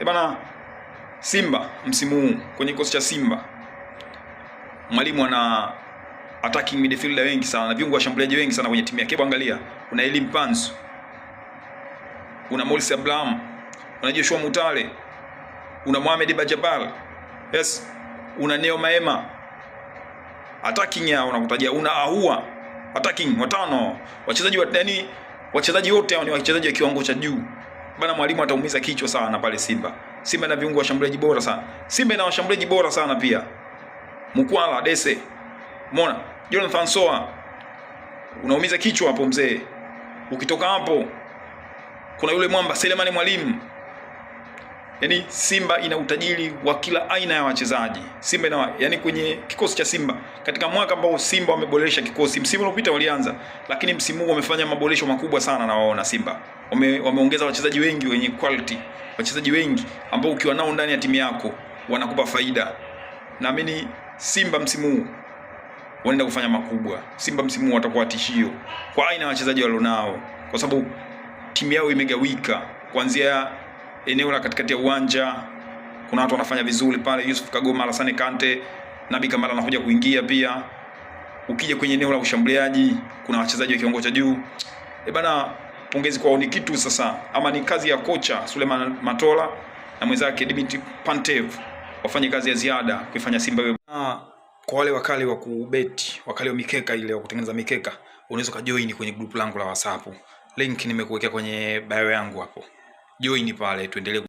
Eh bana, Simba msimu huu kwenye kikosi cha Simba mwalimu ana attacking midfielder wengi sana na viungo washambuliaji wengi sana kwenye timu yake. Angalia, una Elim Panzu, kuna Morris Abraham, una Joshua Mutale, una Mohamed Bajabal, yes, una Neo Maema attacking yao unakutajia, una Ahua attacking watano, wachezaji wa yani, wachezaji wote hao ni wachezaji wa kiwango cha juu bana, mwalimu ataumiza kichwa sana pale Simba. Simba ina viungo washambuliaji bora sana, Simba ina washambuliaji bora sana pia, Mkwala Dese, umeona Jonathan Soa, unaumiza kichwa hapo mzee. Ukitoka hapo, kuna yule mwamba Selemani Mwalimu yani Simba ina utajiri wa kila aina ya wachezaji. Simba ina yani kwenye kikosi cha Simba katika mwaka ambao Simba wameboresha kikosi, msimu uliopita walianza, lakini msimu huu wamefanya maboresho makubwa sana, na waona Simba wame, wameongeza wachezaji wengi wenye quality, wachezaji wengi ambao ukiwa nao ndani ya timu yako wanakupa faida. Naamini Simba msimu huu wanaenda kufanya makubwa. Simba msimu huu watakuwa tishio kwa aina ya wachezaji walionao, kwa sababu timu yao imegawika kuanzia eneo la katikati ya uwanja kuna watu wanafanya vizuri pale, Yusuf Kagoma, Alassane Kante, Nabi Kamara anakuja kuingia pia. Ukija kwenye eneo la ushambuliaji kuna wachezaji wa kiwango cha juu. E bana, pongezi kwao ni kitu sasa, ama ni kazi ya kocha Suleiman Matola na mwenzake Dimitri Pantev wafanye kazi ya ziada kuifanya Simba iwe ah, kwa wale wakali wa kubeti, wakali wa mikeka ile wa kutengeneza mikeka, unaweza ukajoin kwenye grupu langu la WhatsApp. Link nimekuwekea kwenye bio yangu hapo join pale tuendelee